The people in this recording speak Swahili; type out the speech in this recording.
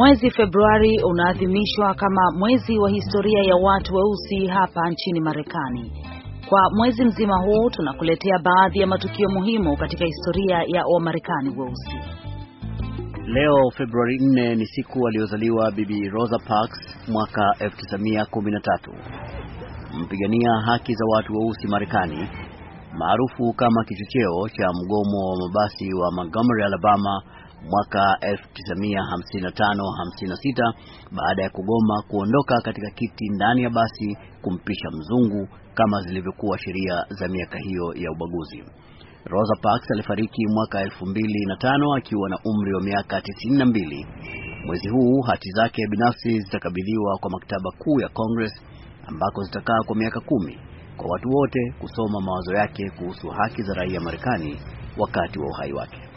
Mwezi Februari unaadhimishwa kama mwezi wa historia ya watu weusi hapa nchini Marekani. Kwa mwezi mzima huu tunakuletea baadhi ya matukio muhimu katika historia ya Wamarekani weusi. Leo Februari 4 ni siku aliyozaliwa Bibi Rosa Parks mwaka 1913, mpigania haki za watu weusi Marekani, maarufu kama kichocheo cha mgomo wa mabasi wa Montgomery, Alabama mwaka 1955-56 baada ya kugoma kuondoka katika kiti ndani ya basi kumpisha mzungu kama zilivyokuwa sheria za miaka hiyo ya ubaguzi. Rosa Parks alifariki mwaka 2005 akiwa na umri wa miaka 92. Mwezi huu hati zake binafsi zitakabidhiwa kwa maktaba kuu ya Congress ambako zitakaa kwa miaka kumi kwa watu wote kusoma mawazo yake kuhusu haki za raia Marekani wakati wa uhai wake.